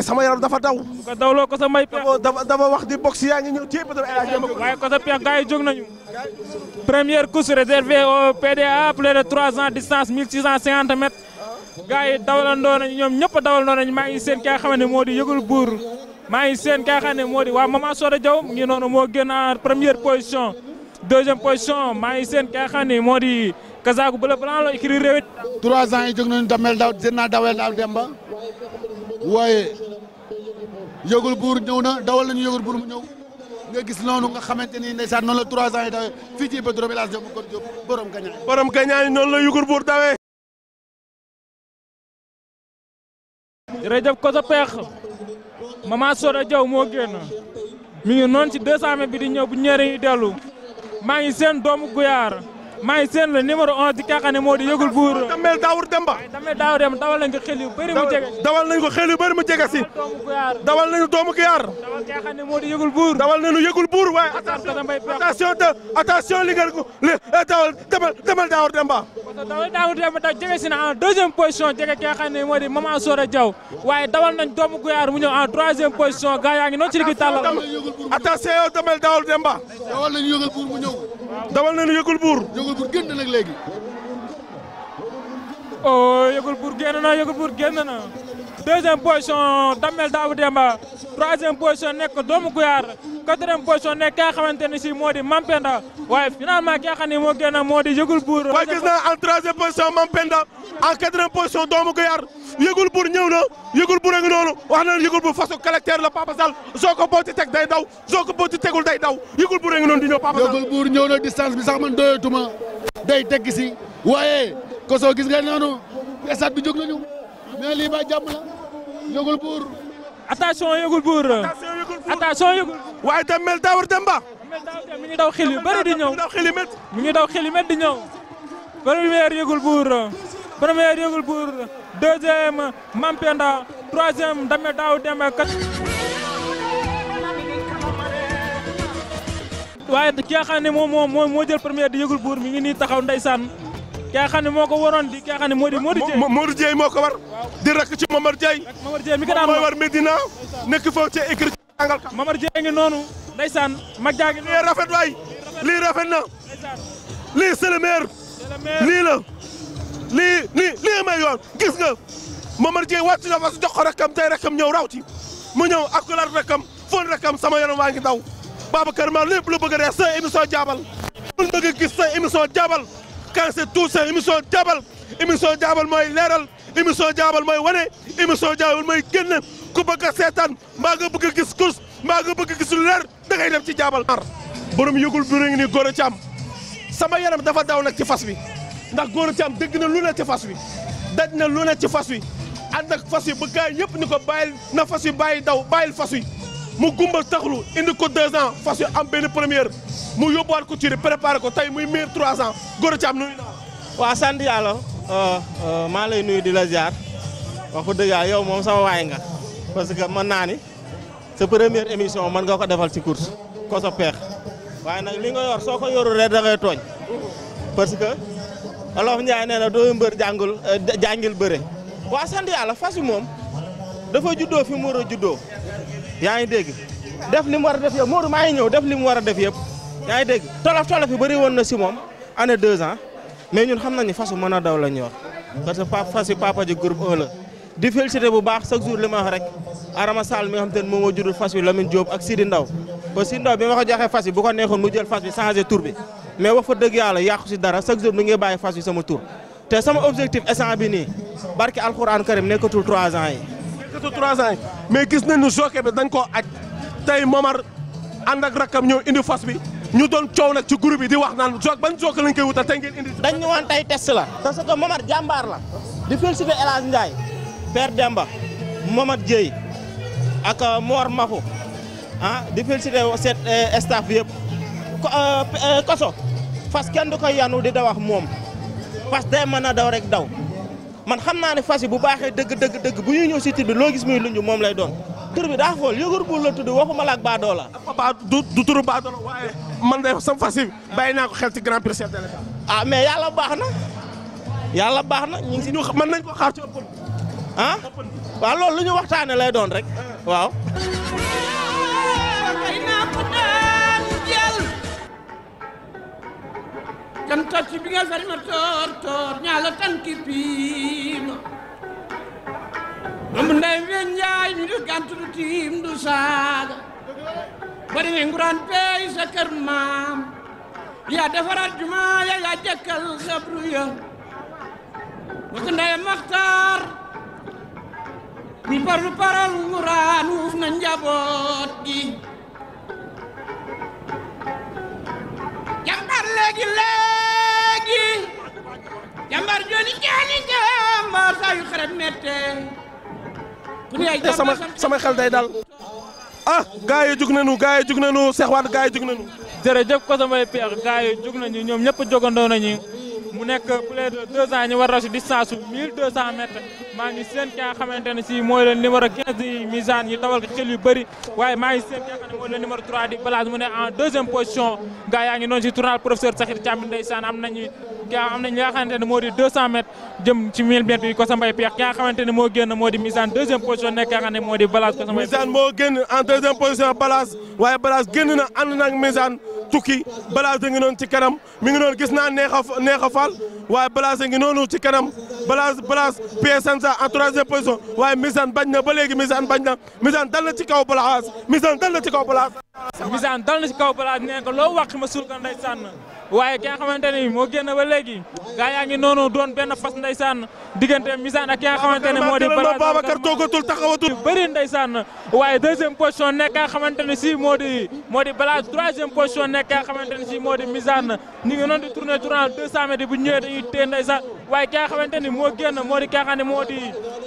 waaye sama yaram dafa daw. ko ko sa may pex dafa dafa wax di box yaa ngi ñëw ci yëpp dafa élargi. waaye ko sa pex gars yi jóg nañu. première course réservée au PDA plus de 3 ans distance 1650 mètres. gars yi dawalandoo nañu ñoom ñëpp a dawalandoo nañu maa ngi seen ki nga xam ne moo di yëgul buur maa ngi seen ki nga xam ne moo di waa Maman Soda Diaw mu ngi noonu moo génn en première position. deuxième position maa ngi seen ki nga xam ne moo di Kazaaku Bleu Blanc la écrit réewit. 3 ans yi jóg nañu damel daw Zena Dawel yëgul buur ñëw na dawal nañu yëgul buur mu ñëw nga gis noonu nga xamante ni ndeysaan noonu la trois ans yi dawee fii ci Badro village Diop kon Diop borom gañaay borom gañaay noonu la yëgul buur dawee jërëjëf Koso Peex Mama Soda jaw moo génn mi noon noonu ci 200 mètres bi di ñëw bu ñëwee ñu dellu maa ngi seen doomu guyaar maa ngi seen la numéro 11 di kaaxaan moo di yëgul buur. Damel Daawur Demba. Damel Daawur Demba dawal nañ ko xel yu bëri mu jege. dawal nañ ko xel yu bëri mu jege si. dawal nañu doomu Kiyaar. dawal kaaxaan ne moo di yëgul buur. dawal nañu yëgul buur waaye attention attention li nga li eh, dawal Demba. Damel Demba daw jege si na en deuxième position jege kaaxaan ne moo di waa Sora Diaw waaye dawal nañ doomu Kiyaar mu ñëw en troisième position gaa yaa ngi noonu ci liggéey tàllal. attention yow Damel Daawur Demba. dawal dawal nañu yëgul buur. yëgul buur génn nag léegi. oh yëgul buur génn na yëgul buur génn na. deuxième position Damel Daoud Demba troisième position nekk doomu Guyaar. quatrième position nekk ki nga xamante ne si moo di Mampenda waaye finalement ki nga xam ne moo génn moo di yëgul buur. waaye gis naa en troisième position doomu ko yar yëgul buur na yëgul buur a noonu wax na yëgul buur façon collecteur la Papa soo ko booti teg day daw soo ko booti tegul day daw yëgul buur a ngi noonu di ñëw Papa Sall. yëgul buur na distance bi sax man doyatuma day tegg si waaye koso gis nga noonu stade bi jóg nañu mais lii attention yëgul buur attention yëgul waaye itam mel daawar dem ba ngi daw xel yu bëri di ñëw mi ngi daw xel yu met di ñëw première yëgul buur première yëgul buur deuxième Mampenda troisième Dame Daaw Demba waaye ki nga xam ne moom moo moo jël première di yëgul buur mi ngi nii taxaw ndeysaan kaa moo ko waroon di kaa xam ne moo di Modou moo ko war di rakk ci Momar Dieye Momar Dieye mi ko daan mooy war Medina nekk foofu ci écrit jàngal ka Momar Dieye ngi noonu ndeysaan mag jaa ngi lii rafet waay lii rafet na lii c'est le maire lii la lii lii lii gis nga gis nga Momar Dieye wàcc na fas jox ko rakkam tey rakkam ñëw raw ci mu ñëw akulaat rakkam foon rakkam sama yaram waa ngi daw Babacar ma lépp lu bëgg a dee sa émission jaabal lu bëgg gis sa émission jaabal Kansa tout ça émission jaabal émission jaabal mooy leeral émission jaabal mooy wane émission jaabal mooy génn ku bëgg a seetaan mbaa nga bëgg gis course mbaa nga bëgg a gis leer da ngay dem ci jaabal ar borom yëgul bi ngi ni góor a caam sama yaram dafa daw nag ci fas wi ndax góor a caam dégg na lu ne ci fas wi daj na lu ne ci fas wi ànd ak fas wi ba gaay yëpp ni ko bàyyil na fas wi bàyyi daw bàyyil fas wi mu gumba taxlu indi ko deux ans fas yu am benn première mu yóbbuwaat ko ci préparé ko tey muy miir trois ans Gora Thiam nuyu naa waaw sant yàlla euh, euh, maa lay nuyu di la ziar wax dëgg yow moom sama waay nga parce que mën naa ni sa première émission mën nga ko defal ci course ko sa peex waaye nag li nga yor soo ko yorul rek da ngay parce que Olof Ndiaye nee na doo mbër jàngul euh, jàngil bëre waaw sant fas yu moom dafa juddoo fi mu war a juddoo yaa ngi dégg def li mu war a def yëpp Modou maa ngi ñëw def li mu war a def yëpp yaa ngi dégg tolof tolof yi bëri woon na si moom année deux mais ñun xam nañu fasu mën a daw la ñor parce que papa fas yi papa ji groupe 1 la di félicité bu baax chaque jour li ma wax rek Arama mi nga xam te moom moo juddul fas wi Lamine Diop ak Sidi Ndaw ba Ndaw bi ma ko joxee fas yi bu ko neexoon mu jël fas bi changé tur bi mais wax fa dëgg yàlla yàqu si dara chaque jour mi fas yi sama tur te sama objectif instant bi nii barki alxuraan karim nekkatul ans yi surtout trois ans mais gis nañ ne jockey bi dañ koo aj tey Momar ànd ak rakkam ñëw indi fas bi ñu doon coow nag ci groupe yi di wax naan jok ban jok lañ koy a tey ngeen indi. dañ ñu woon tey test la. parce que Momar jàmbaar la. di féliciter El Hadj Ndiaye. Père Demba Momar Dieye ak euh, Mor Mafou ah di féliciter set euh, staff yëpp. Euh, koso fas kenn du koy yanu di da wax moom fas day mën a daw rek daw. man xam naa ne fas bu baaxee dëgg dëgg dëgg bu ñuy ñëw si tur bi loo gis muy lunju moom lay doon tur bi daa xool yëgur buur la tudd waxuma la ak baadoola ba du du turu baadoola man de sam fas yi bàyyi naa ko xel ci grand prix chef de ah mais yàlla baax na yàlla baax na ñu si ñu mën nañ ko xaar ci ëpp ah waaw lool lu ñu waxtaane lay doon rek eh. waaw canta ci bi nga sari ma tor tor ñaala tanki piim ambu ndey wen njaay mi du gantu du tiim du saaga bari ne nguraan peey sa kër maam yaa defaral jumaa ya yaa jëkkal xabru ya wak ya, ya. ndey maxtaar mi parlu paral nguraan wuuf na njaboot gi jàmbaar joni ñaani jàmbaar saa yu xarat mette eh, sama sama xel day daal ah gaa yi jug nu gaa yi jug nañu Cheikh Wade gaa yi jug nañu jërëjëf ko samay peex gaa yi jug nañu ñoom ñëpp jogandoo nañu mu nekk plus de ans ñu war a si distance su 1200 mètres maa ngi seen ki nga xamante ne si mooy le numéro 15 di Misaan yi dawal ko xel yu bëri waaye maa ngi seen ki nga xam ne mooy le numéro 3 di Balaz mu ne en deuxième position gaa yaa ngi noonu si tournal professeur Sakhir Thiam am nañu ki nga am nañ li nga xamante ne moo di 200 mètres jëm ci 1000 mètres bi Kosa Mbaye Peex ki nga moo génn moo di Misaan deuxième position nekk nga moo di Balaas Kosa Misaan moo génn en deuxième position Balaas waaye Balaas génn na ànd na Misaan tukki Balaas ngi noonu ci kanam mi ngi noonu gis naa neex a neex a waaye Balaas a ngi noonu ci kanam Balaas Balaas PSNSA en troisième position waaye Misaan bañ na ba léegi Misaan bañ na Misaan Misaan dal na si kaw balaa nee ko loo wax ma suul ko ndeysaan waaye ki nga moo génn ba léegi gaa yaa ngi noonu doon benn fas ndeysaan diggante Misaan ak ki nga xamante ne moo di Babacar toogatul taxawatul bëri ndeysaan waaye deuxième position nekk nga xamante ne si moo di moo di balaa troisième position nekk nga xamante ne si moo di Misaan ñu ngi noonu di tourné tournant 200 mètres bu ñëwee dañuy téye ndeysaan waaye ki nga xamante ni moo génn moo di ki nga xam moo di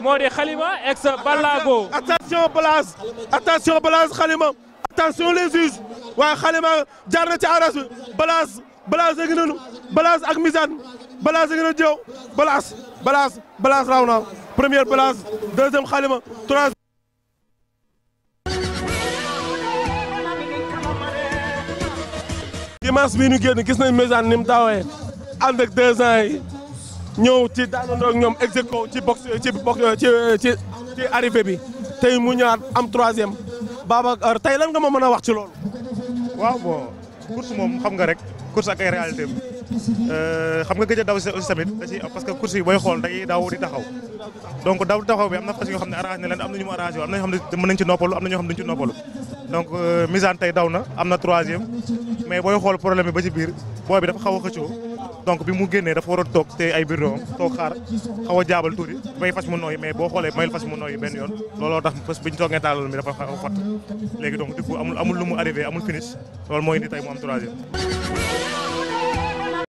moo di Xalima ex Balago attention Balaas attention Balaas Xalima attention les juges waaye xale ma jaar ci aras bi balaas balaas a ngi noonu balaas ak misaan balaas a ngi noonu jëw balaas balaas balaas raw na première balaas deuxième xale ma troisième dimanche bii génn gis nañ misaan ni mu daawee ànd ak deux yi ñëw ci daanandoo ak ñoom execo ci box ci ci ci arrivé bi tey mu ñëwaat am troisième Babacar tey lan nga ma mën a wax ci lool waaw bon course moom xam nga rek course ak ay réalité euh, xam nga gëj a daw si aussi parce que course yi booy xool day daaw di taxaw donc daaw di taxaw bi am na fas xam ne arrangé na leen am na ñu mu arrangé am na ñoo xam ne mën nañ ci noppalu am na ñoo xam ne duñ ci noppalu donc euh, misaan tey daw na am na troisième mais booy xool problème bi ba ci biir booy bi dafa xaw a xëccoo donc bi mu génnee dafa war a toog te ay bureau toog xaar xaw a jaabal tuuti bay fas mu nooyi mais boo xoolee mayul fas mu nooyi benn yoon looloo tax bi ñu toogee taalal mi dafa xaw a fatt léegi donc du coup amul amul lu mu arrivé amul finish loolu mooy indi tey mu am troisième